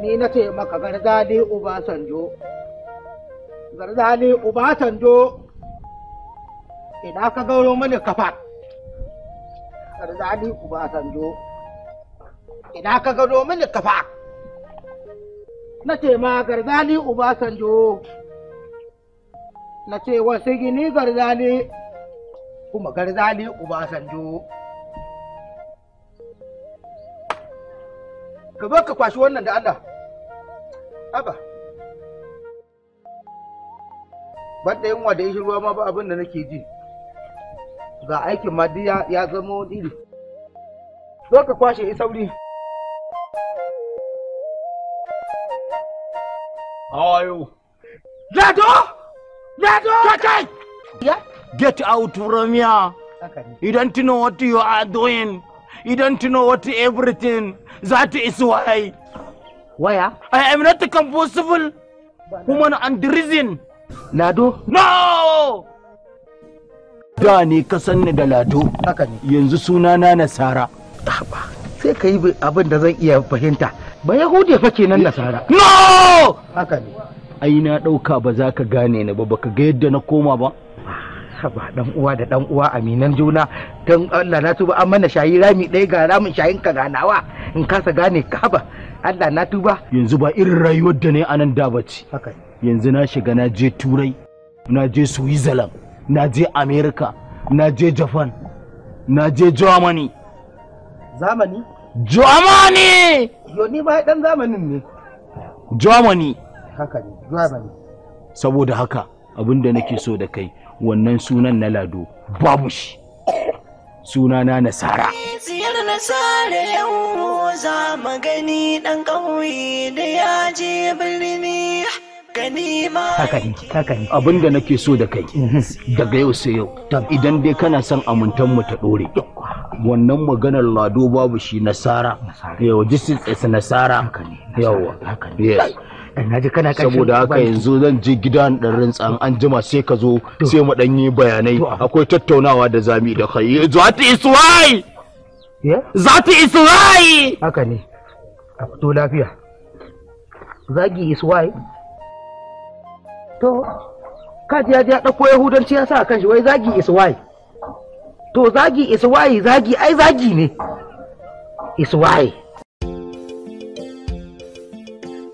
Ni na ce maka garzali Ubasanjo. Garzali Ubasanjo idan ka gauro mini kafa. Garzali Ubasanjo idan ka gauro mini kafa. Na ce ma garzali Ubasanjo na ce wasu gini garzali kuma garzali Ubasanjo. ka zo ka kwashi wannan da Allah Aba, ban da yunwa da ruwa ma ba abin da nake ji ga aikin ma ya zama iri zo ka kwashe isauri sauri. are you? Lado! Lado! Kakai! Get out from here. You don't know what you are doing. You don't know what everything. That is why. Why? Ah? I am not composable. Woman and reason. Lado? No! Da ne ka sanni da Lado. Haka ne. Yanzu sunana Nasara. Sai ka yi abin da zan iya fahimta. Ba Yahudiya fa kenan Nasara. No! Haka ne. Ai na ɗauka ba za ka gane ni ba, ka ga yadda na koma ba. haba dan uwa da dan uwa aminan juna don Allah na tuba an mana shayi rami ɗaya ga ramin shayin ka ganawa in kasa gane ka haba Allah na tuba yanzu ba irin rayuwar da ne anan da bace yanzu na shiga na je turai na je switzerland na je america na je japan na je germany zamani germany ni ba dan zamanin ne germany haka ne germany saboda haka abin da nake so da kai wannan sunan na lado babu shi suna na nasara tsiyar nasara yau za mu gani ɗan ƙauye da ya je birni Kakani, abin da nake so da kai daga yau sai yau idan dai kana son amintan mu ta dore wannan maganar lado babu shi nasara yawa jisin nasara yawa Eh, kana saboda haka yanzu zan je gidan dan rantsan an jima sai ka zo sai mu dan yi bayanai akwai tattaunawa da zami da kai eh, zati iswai zati iswai haka ne a fito lafiya zagi iswai to ka ya je ya dauko yahudanci ya sa kan shi wai zagi iswai to zagi iswai zagi ai zagi ne iswai